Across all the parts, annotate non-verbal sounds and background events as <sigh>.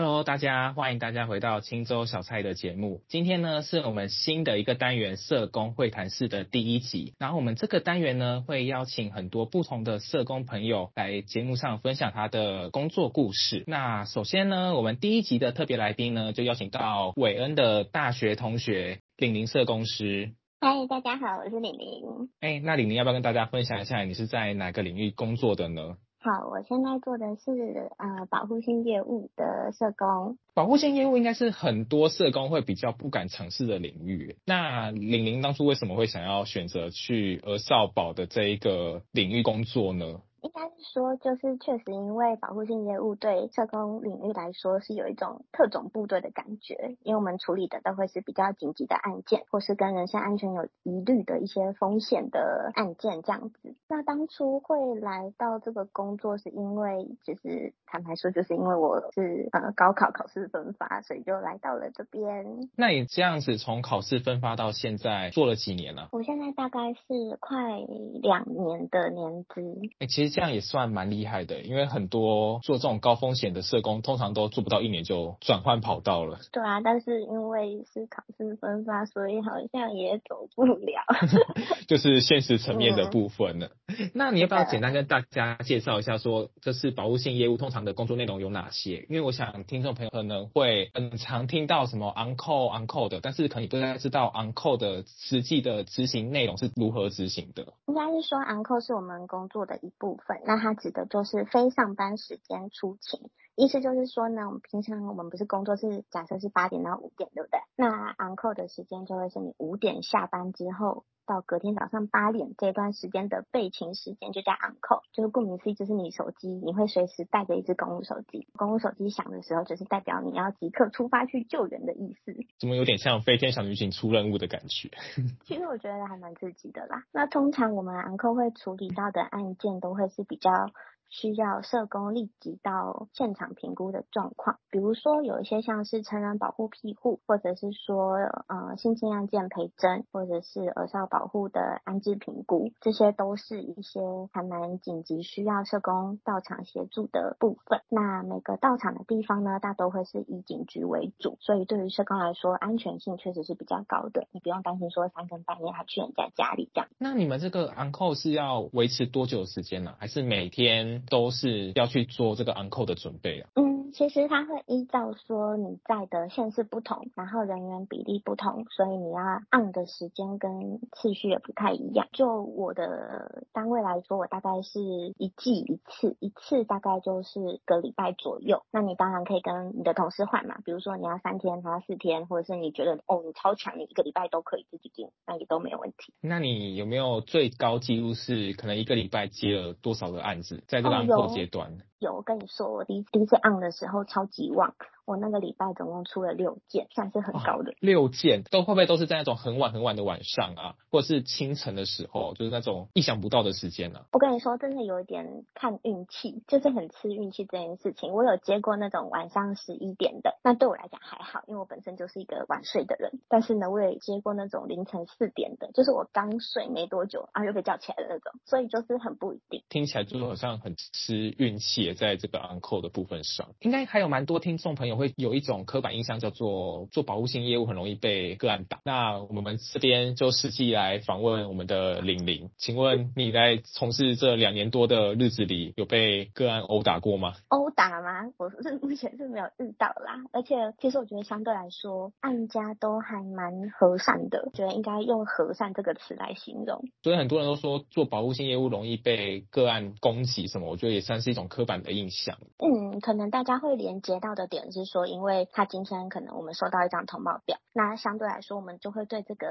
哈嘍，大家，歡迎大家回到清粥小菜的節目。今天呢，是我們新的一個單元社工會談室的第一集。然後我們這個單元呢，會邀請很多不同的社工朋友來節目上分享他的工作故事。那首先呢，我們第一集的特別來賓呢，就邀請到偉恩的大學同學李玲社工師。h、hey, 迎，大家好，我是李玲。哎，那李玲要不要跟大家分享一下，你是在哪個領域工作的呢？好，我現在做的是呃保護性業務的社工。保護性業務應該是很多社工會比較不敢嘗試的領域。那玲玲當初為什麼會想要選擇去兒少保的這一個領域工作呢？應該是說，就是確實因為保護性業務對社工領域來說是有一種特種部隊的感覺，因為我們處理的都會是比較緊急的案件，或是跟人身安全有疑慮的一些風險的案件這樣子。那當初會來到這個工作，是因為就是坦白說，就是因為我是呃高考考試分發，所以就來到了這邊。那你這樣子從考試分發到現在做了幾年了啊？我現在大概是快兩年的年資。哎、欸，其實。這樣也算蠻厲害的，因為很多做這種高風險的社工，通常都做不到一年就轉換跑道了。對啊，但是因為是考試分發，所以好像也走不了。 <laughs> <laughs> 就是現實層面的部分呢。那你要不要簡單跟大家介紹一下說，說、就、這是保護性業務通常的工作內容有哪些？因為我想聽眾朋友可能會很常聽到什麼 on call on call 的，但是可能不太知道 on call 的實際的執行內容是如何執行的。應該是說 on call 是我們工作的一部分。那它指的就是非上班時間出勤。意思就是說呢，我們平常我們不是工作假設是假設是八點到五點，對不對？那昂扣的時間就會是你五點下班之後到隔天早上八點這段時間的備勤時間，就叫昂扣，就是顧名思義，就是你手機，你會隨時帶着一支公務手機，公務手機響的時候，就是代表你要即刻出發去救援的意思。怎麼有點像飛天小女警出任務的感覺？ <laughs> 其實我覺得還蠻刺激的啦。那通常我們昂扣會處理到的案件都會是比較。需要社工立即到現場評估的狀況，比如說有一些像是成人保護庇護，或者是說呃性侵案件陪偵，或者是兒少保護的安置評估，這些都是一些還蠻緊急需要社工到場協助的部分。那每個到場的地方呢，大都會是以警局為主，所以對於社工來說，安全性確實是比較高的，你不用擔心說三更半夜還去人家家裡這樣。那你們這個 on call 是要維持多久的時間呢？啊？還是每天？都是要去做這個 on call 的準備啊。其實它會依照說你在的縣市不同，然後人員比例不同，所以你要按的時間跟次序也不太一樣。就我的單位來說，我大概是一季一次，一次大概就是個禮拜左右。那你當然可以跟你的同事換嘛，比如說你要三天，他要四天，或者是你覺得哦你超強，你一個禮拜都可以自己定，那也都沒有問題。那你有沒有最高記錄是可能一個禮拜接了多少個案子，在這個案破階段？哦有，我跟你說，我第一次按的時候，超級旺。我那個禮拜總共出了六件，算是很高的。啊、六件都會不會都是在那種很晚很晚的晚上啊，或者是清晨的時候，就是那種意想不到的時間呢、啊？我跟你說，真的有一點看運氣，就是很吃運氣這件事情。我有接過那種晚上十一點的，那對我來講還好，因為我本身就是一個晚睡的人。但是呢，我也接過那種凌晨四點的，就是我剛睡沒多久，然後又被叫起來的那種。所以就是很不一定。聽起來就是好像很吃運氣，在這個 on call 的部分上，嗯、應該還有蠻多聽眾朋友。會有一種刻板印象，叫做做保護性業務很容易被個案打。那我們這邊就實際來訪問我們的玲玲，請問你在從事這兩年多的日子裡，有被個案毆打過嗎？毆打嗎？我是目前是沒有遇到啦。而且其實我覺得相對來說，案家都還蠻和善的，覺得應該用和善這個詞來形容。所以很多人都說做保護性業務容易被個案攻擊什麼，我覺得也算是一種刻板的印象。嗯，可能大家會連接到的點就是。說，因為他今天可能我們收到一張通報表，那相對來說，我們就會對這個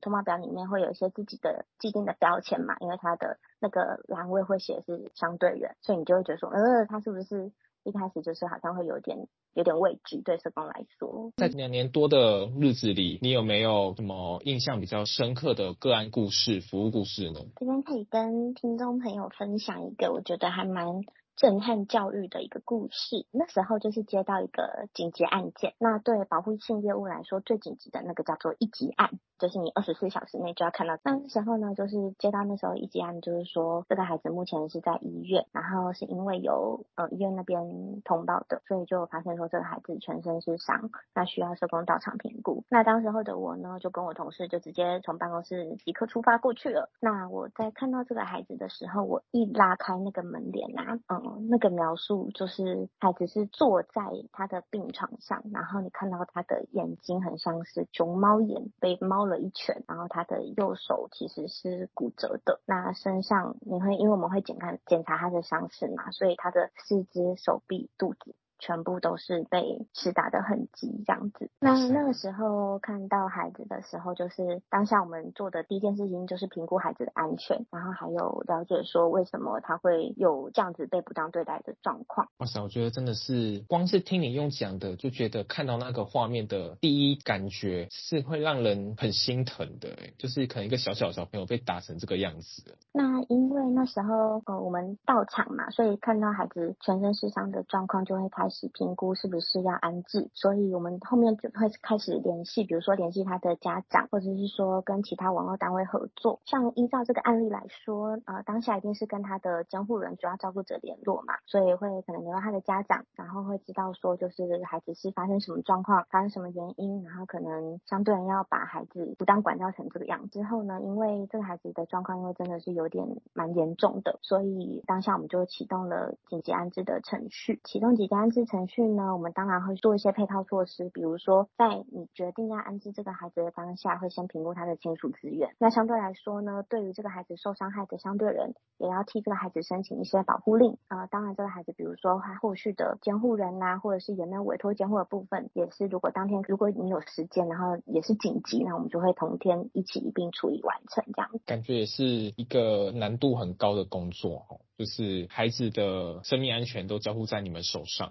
通報表裡面會有一些自己的既定的標籤嘛，因為他的那個欄位會寫是相對遠，所以你就會覺得說，呃，他是不是一開始就是好像會有點有點畏懼對社工來說。在兩年多的日子裡，你有沒有什麼印象比較深刻的個案故事、服務故事呢？今天可以跟聽眾朋友分享一個，我覺得還蠻。震撼教育的一個故事。那時候就是接到一個緊急案件，那對保護性業務來說最緊急的那個叫做一級案，就是你二十四小時內就要看到。那時候呢，就是接到那時候一級案，就是說這個孩子目前是在醫院，然後是因為有呃醫院那邊通報的，所以就發現說這個孩子全身是傷，那需要社工到場評估。那當時候的我呢，就跟我同事就直接從辦公室即刻出發過去了。那我在看到這個孩子的時候，我一拉開那個門簾啊，嗯。那個描述就是，孩子是坐在他的病床上，然後你看到他的眼睛很像是熊貓眼，被貓了一拳，然後他的右手其實是骨折的。那身上你會，因為我們會檢看檢查他的傷勢嘛，所以他的四肢、手臂、肚子。全部都是被施打的痕跡這樣子。那那個時候看到孩子的時候，就是當下我們做的第一件事情就是評估孩子的安全，然後還有了解說為什麼他會有這樣子被不當對待的狀況。哇塞，我覺得真的是光是聽你用講的，就覺得看到那個畫面的第一感覺是會讓人很心疼的。欸，就是可能一個小小小朋友被打成這個樣子。那因為那時候、呃、我們到場嘛，所以看到孩子全身是傷的狀況就會開。評估是不是要安置，所以我們後面就會開始聯繫，比如說聯繫他的家長，或者是說跟其他網絡單位合作。像依照這個案例來說，呃，當下一定是跟他的監護人、主要照顧者聯絡嘛，所以會可能聯絡他的家長，然後會知道說就是孩子是發生什麼狀況、發生什麼原因，然後可能相對人要把孩子不當管教成這個樣，之後呢，因為這個孩子的狀況因為真的是有點蠻嚴重的，所以當下我們就啟動了緊急安置的程序，啟動緊急安置。程序呢，我們當然會做一些配套措施，比如說在你決定要安置這個孩子的當下，會先評估他的親屬資源。那相對來說呢，對於這個孩子受傷害的相對的人，也要替這個孩子申請一些保護令啊，呃。當然，這個孩子，比如說他後續的監護人吶、啊，或者是有沒有委託監護的部分，也是如果當天如果你有時間，然後也是緊急，那我們就會同天一起一併處理完成。這樣子感覺也是一個難度很高的工作哦，就是孩子的生命安全都交付在你們手上。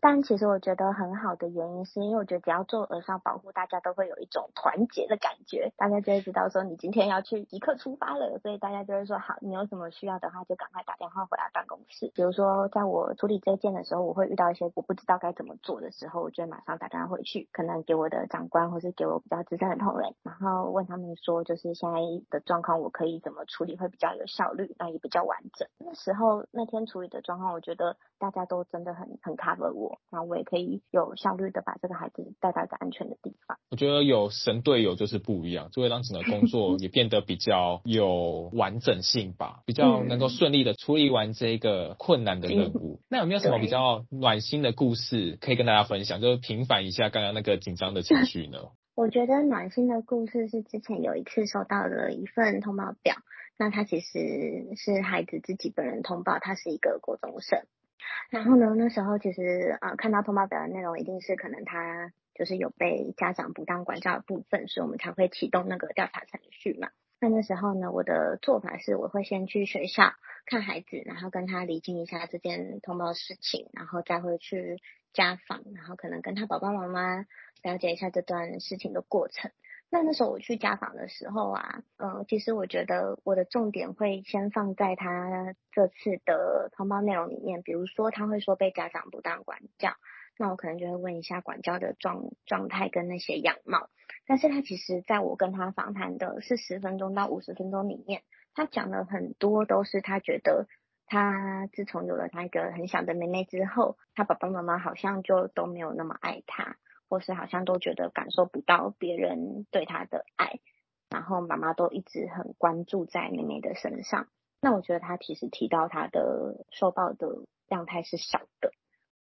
但其實我覺得很好的原因是因為我覺得只要做耳上保護，大家都會有一種團結的感覺。大家就會知道說你今天要去即刻出發了，所以大家就會說好，你有什麼需要的話就趕快打電話回來辦公室。比如說在我處理這件的時候，我會遇到一些我不知道該怎麼做的時候，我就會馬上打電話回去，可能給我的長官或是給我比較資深的同仁，然後問他們說就是現在的狀況，我可以怎麼處理會比較有效率，那也比較完整。那時候那天處理的狀況，我覺得大家都真的很很開心。他和我，那我也可以有效率的把這個孩子帶到一個安全的地方。我覺得有神隊友就是不一樣，就會讓整個工作也變得比較有完整性吧，比較能夠順利的處理完這一個困難的任務，嗯。那有沒有什麼比較暖心的故事可以跟大家分享，就是平反一下剛剛那個緊張的情緒呢？我覺得暖心的故事是之前有一次收到了一份通報表，那他其實是孩子自己本人通報，他是一個國中生。然後呢，那時候其實呃，看到通報表的內容，一定是可能他就是有被家長不當管教的部分，所以我們才會啟動那個調查程序嘛。那那時候呢，我的做法是，我會先去學校看孩子，然後跟他釐清一下這件通報的事情，然後再回去家訪，然後可能跟他爸爸媽媽了解一下這段事情的過程。那那時候我去家訪的時候啊，嗯，其實我覺得我的重點會先放在他這次的通報內容裡面，比如說他會說被家長不當管教，那我可能就會問一下管教的狀狀態跟那些樣貌。但是他其實在我跟他訪談的四十分鐘到五十分鐘裡面，他講了很多都是他覺得他自從有了他一個很小的妹妹之後，他爸爸媽媽好像就都沒有那麼愛他。或是好像都覺得感受不到別人對他的愛，然後媽媽都一直很關注在妹妹的身上。那我覺得他其實提到他的受暴的樣態是少的。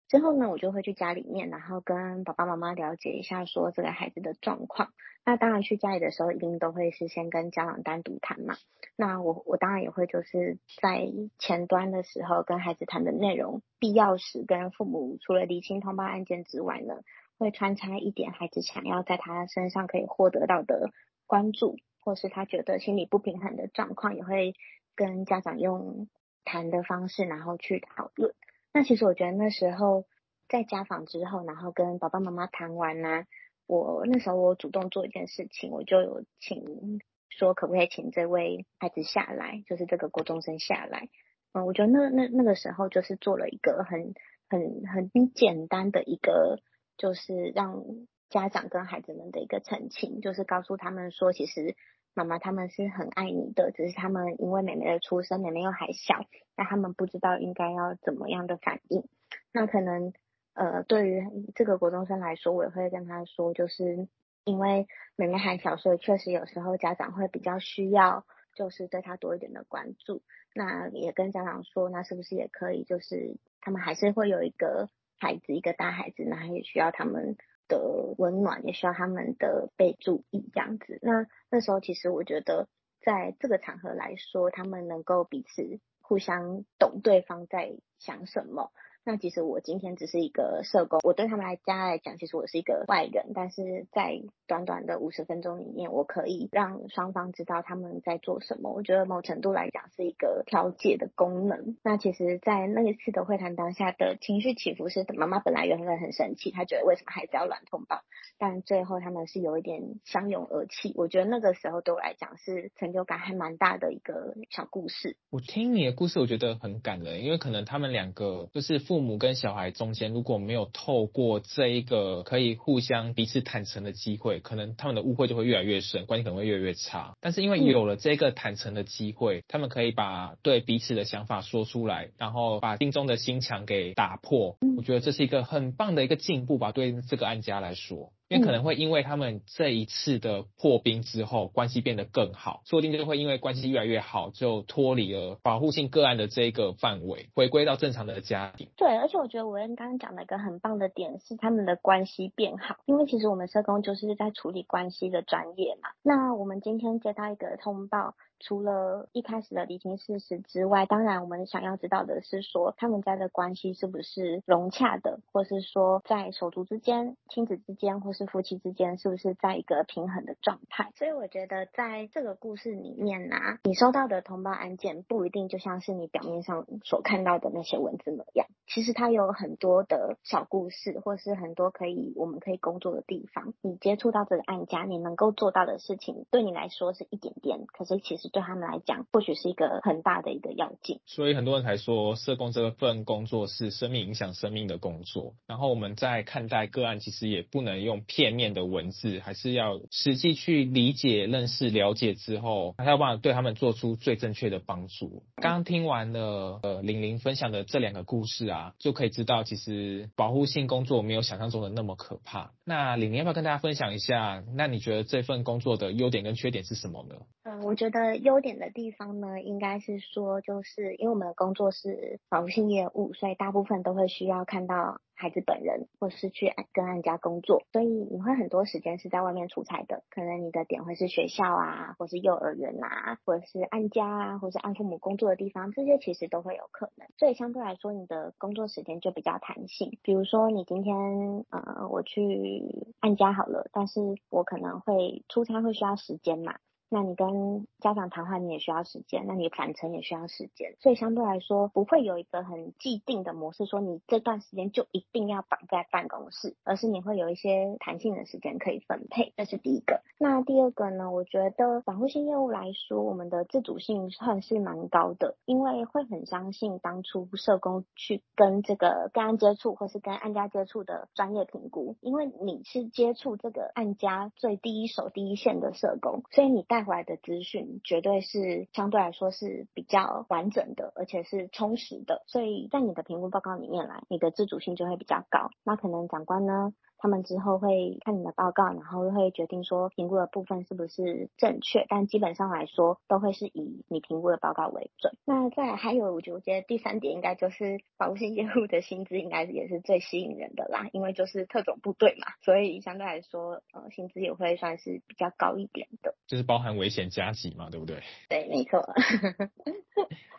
之後呢，我就會去家裡面，然後跟爸爸媽媽了解一下說這個孩子的狀況。那當然去家裡的時候，一定都會事先跟家長單獨談嘛。那我我當然也會就是在前端的時候跟孩子談的內容，必要時跟父母除了釐清通報案件之外呢。會穿插一點孩子想要在他身上可以獲得到的關注，或是他覺得心理不平衡的狀況，也會跟家長用談的方式，然後去討論。那其實我覺得那時候在家訪之後，然後跟爸爸媽媽談完呢、啊，我那時候我主動做一件事情，我就有請說可不可以請這位孩子下來，就是這個國中生下來。嗯，我覺得那那那個時候就是做了一個很很很簡單的一個。就是讓家長跟孩子們的一個澄清，就是告訴他們說，其實媽媽他們是很愛你的，只是他們因為妹妹的出生，妹妹又還小，那他們不知道應該要怎麼樣的反應。那可能呃，對於這個國中生來說，我也會跟他說，就是因為妹妹還小，所以確實有時候家長會比較需要，就是對她多一點的關注。那也跟家長說，那是不是也可以，就是他們還是會有一個。孩子一個大孩子，那他也需要他們的溫暖，也需要他們的被注意，這樣子。那那時候，其實我覺得，在這個場合來說，他們能夠彼此互相懂對方在想什麼。那其實我今天只是一個社工，我對他們來家來講，其實我是一個外人。但是在短短的五十分鐘裡面，我可以讓雙方知道他們在做什麼。我覺得某程度來講是一個調解的功能。那其實，在那一次的會談當下的情緒起伏是，媽媽本來原本很生氣，她覺得為什麼孩子要亂通報，但最後他們是有一點相擁而泣。我覺得那個時候對我來講是成就感還蠻大的一個小故事。我聽你的故事，我覺得很感人，因為可能他們兩個就是父。父母跟小孩中間如果沒有透過這一個可以互相彼此坦誠的機會，可能他們的誤會就會越來越深，關係可能會越來越差。但是因為有了這個坦誠的機會，他們可以把對彼此的想法說出來，然後把心中的心牆給打破。我覺得這是一個很棒的一個進步吧，對這個案家來說。因為可能會因為他們這一次的破冰之後，關係變得更好，說不定就會因為關係越來越好，就脫離了保護性個案的這個範圍，回歸到正常的家庭。對，而且我覺得文恩剛剛講的一個很棒的點是，他們的關係變好，因為其實我們社工就是在處理關係的專業嘛。那我們今天接到一個通報。除了一開始的理清事實之外，當然我們想要知道的是說他們家的關係是不是融洽的，或是說在手足之間、親子之間或是夫妻之間是不是在一個平衡的狀態。所以我覺得在這個故事裡面呢、啊，你收到的通報案件不一定就像是你表面上所看到的那些文字那樣，其實它有很多的小故事，或是很多可以我們可以工作的地方。你接觸到這個案家，你能夠做到的事情對你來說是一點點，可是其實。對他們來講，或許是一個很大的一個要件。所以很多人才說，社工這份工作是生命影響生命的工作。然後我們在看待個案，其實也不能用片面的文字，還是要實際去理解、認識、了解之後，那要不要對他們做出最正確的幫助？剛剛聽完了呃，玲玲分享的這兩個故事啊，就可以知道，其實保護性工作沒有想象中的那麼可怕。那玲玲要不要跟大家分享一下？那你覺得這份工作的優點跟缺點是什麼呢？我覺得優點的地方呢，應該是說，就是因為我們的工作是保護性業務，所以大部分都會需要看到孩子本人，或是去跟案家工作，所以你會很多時間是在外面出差的。可能你的點會是學校啊，或是幼兒園啊，或者是案家啊，或是案父母工作的地方，這些其實都會有可能。所以相對來說，你的工作時間就比較彈性。比如說，你今天呃，我去案家好了，但是我可能會出差，會需要時間嘛。那你跟家長談話，你也需要時間；那你返程也需要時間，所以相對來說不會有一個很既定的模式，說你這段時間就一定要綁在辦公室，而是你會有一些彈性的時間可以分配。這是第一個。那第二個呢？我覺得保護性業務來說，我們的自主性算是蠻高的，因為會很相信當初社工去跟這個跟案接觸，或是跟案家接觸的專業評估，因為你是接觸這個案家最第一手、第一線的社工，所以你大出來的資訊絕對是相對來說是比較完整的，而且是充實的，所以在你的評估報告裡面來，你的自主性就會比較高。那可能長官呢，他們之後會看你的報告，然後會決定說評估的部分是不是正確，但基本上來說都會是以你評估的報告為準。那再還有，我覺得第三點應該就是保護性業務的薪資應該也是最吸引人的啦，因為就是特種部隊嘛，所以相對來說，呃，薪資也會算是比較高一點的。就是包含危險加給嘛，對不對？對，沒錯。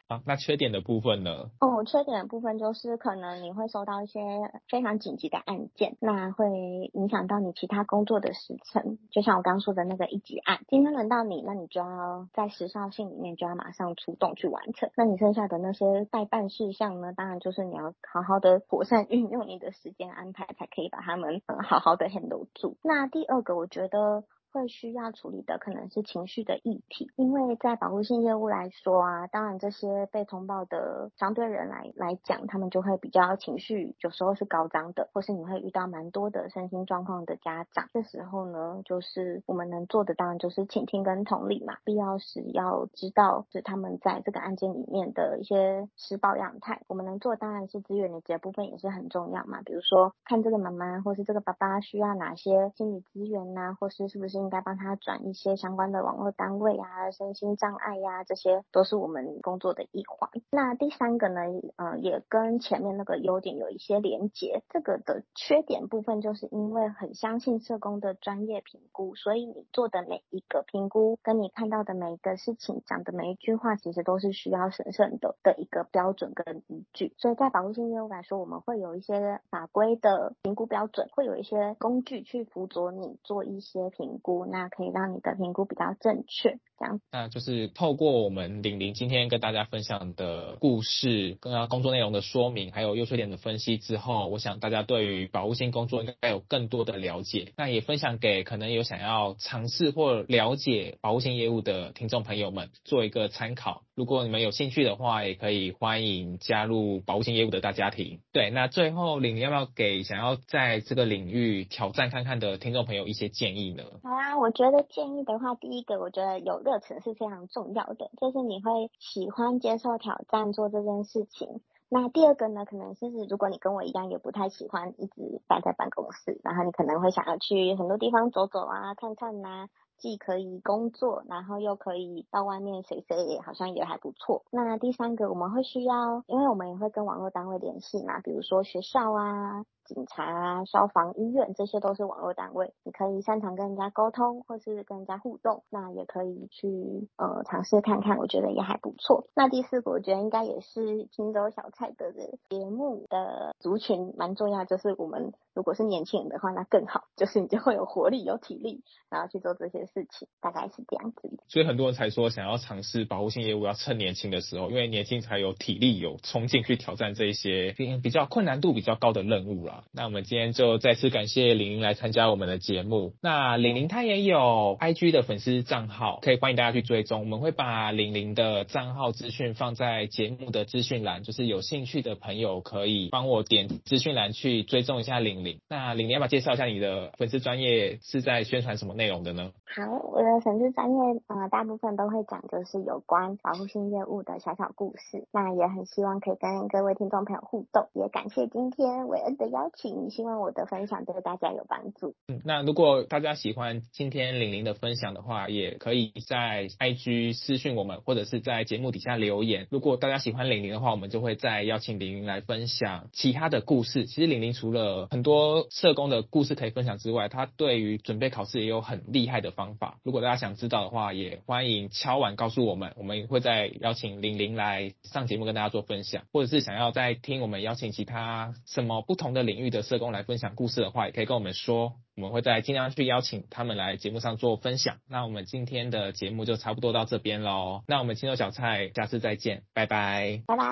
好、 <laughs> 啊，那缺點的部分呢？哦，缺點的部分就是可能你會收到一些非常緊急的案件，那會。誒，影響到你其他工作的時程，就像我剛剛說的那個一級案，今天輪到你，那你就要在時效性裡面就要馬上出動去完成。那你剩下的那些待辦事項呢？當然就是你要好好的妥善運用你的時間安排，才可以把他們好好的 handle 住。那第二個，我覺得。會需要處理的可能是情緒的議題，因為在保護性業務來說啊，當然這些被通報的相對人來來講，他們就會比較情緒有時候是高漲的，或是你會遇到蠻多的身心狀況的家長。這時候呢，就是我們能做的當然就是傾聽跟同理嘛，必要時要知道是他們在這個案件裡面的一些施暴樣態。我們能做的當然是資源連結部分也是很重要嘛，比如說看這個媽媽或是這個爸爸需要哪些心理資源吶、啊，或是是不是。應該幫他轉一些相關的網絡單位啊，身心障礙呀、啊，這些都是我們工作的一環。那第三個呢，嗯、呃，也跟前面那個優點有一些連結。這個的缺點部分，就是因為很相信社工的專業評估，所以你做的每一個評估，跟你看到的每一個事情，講的每一句話，其實都是需要審慎的的一個標準跟依據。所以在保護性業務來說，我們會有一些法規的評估標準，會有一些工具去輔佐你做一些評。那可以讓你的評估比較正確。這樣，那就是透過我們玲玲今天跟大家分享的故事，跟工作內容的說明，還有優缺點的分析之後，我想大家對於保護性工作應該有更多的了解。那也分享給可能有想要嘗試或了解保護性業務的聽眾朋友們做一個參考。如果你們有興趣的話，也可以歡迎加入保護性業務的大家庭。對，那最後玲玲要不要給想要在這個領域挑戰看看的聽眾朋友一些建議呢？好啊，我覺得建議的話，第一個我覺得有。熱忱是非常重要的，就是你會喜歡接受挑戰做這件事情。那第二個呢，可能就是，如果你跟我一樣，也不太喜歡一直待在辦公室，然後你可能會想要去很多地方走走啊，看看啊。既可以工作，然後又可以到外面，誰誰也好像也還不錯。那第三個我們會需要，因為我們也會跟網絡單位聯繫嘛，比如說，學校啊、警察啊、消防、醫院，這些都是網絡單位。你可以擅長跟人家溝通，或是跟人家互動，那也可以去呃嘗試看看，我覺得也還不錯。那第四個我覺得應該也是清粥小菜的節目的族群蠻重要，就是我們如果是年輕人的話，那更好，就是你就會有活力、有體力，然後去做這些事情大概是這樣子，所以很多人才說想要嘗試保護性業務要趁年輕的時候，因為年輕才有體力、有衝勁去挑戰這些比較困難度比較高的任務啦。那我們今天就再次感謝玲玲來參加我們的節目。那玲玲她也有 IG 的粉絲賬號，可以歡迎大家去追蹤。我們會把玲玲的賬號資訊放在節目的資訊欄，就是有興趣的朋友可以幫我點資訊欄去追蹤一下玲玲。那玲玲要不要介紹一下你的粉絲專業是在宣傳什麼內容的呢？好，我的粉絲專頁啊，大部分都會講，就是有關保護性業務的小小故事。那也很希望可以跟各位聽眾朋友互動，也感謝今天韋恩的邀請，希望我的分享對大家有幫助。嗯，那如果大家喜歡今天玲玲的分享的話，也可以在 IG 私訊我們，或者是在節目底下留言。如果大家喜歡玲玲的話，我們就會再邀請玲玲來分享其他的故事。其實玲玲除了很多社工的故事可以分享之外，她對於準備考試也有很厲害的方法。方法，如果大家想知道的話，也歡迎敲碗告訴我們，我們也會再邀請玲玲來上節目跟大家做分享，或者是想要再聽我們邀請其他什麼不同的領域的社工來分享故事的話，也可以跟我們說，我們會再盡量去邀請他們來節目上做分享。那我們今天的節目就差不多到這邊嘍，那我們清粥小菜下次再見，拜拜，拜拜。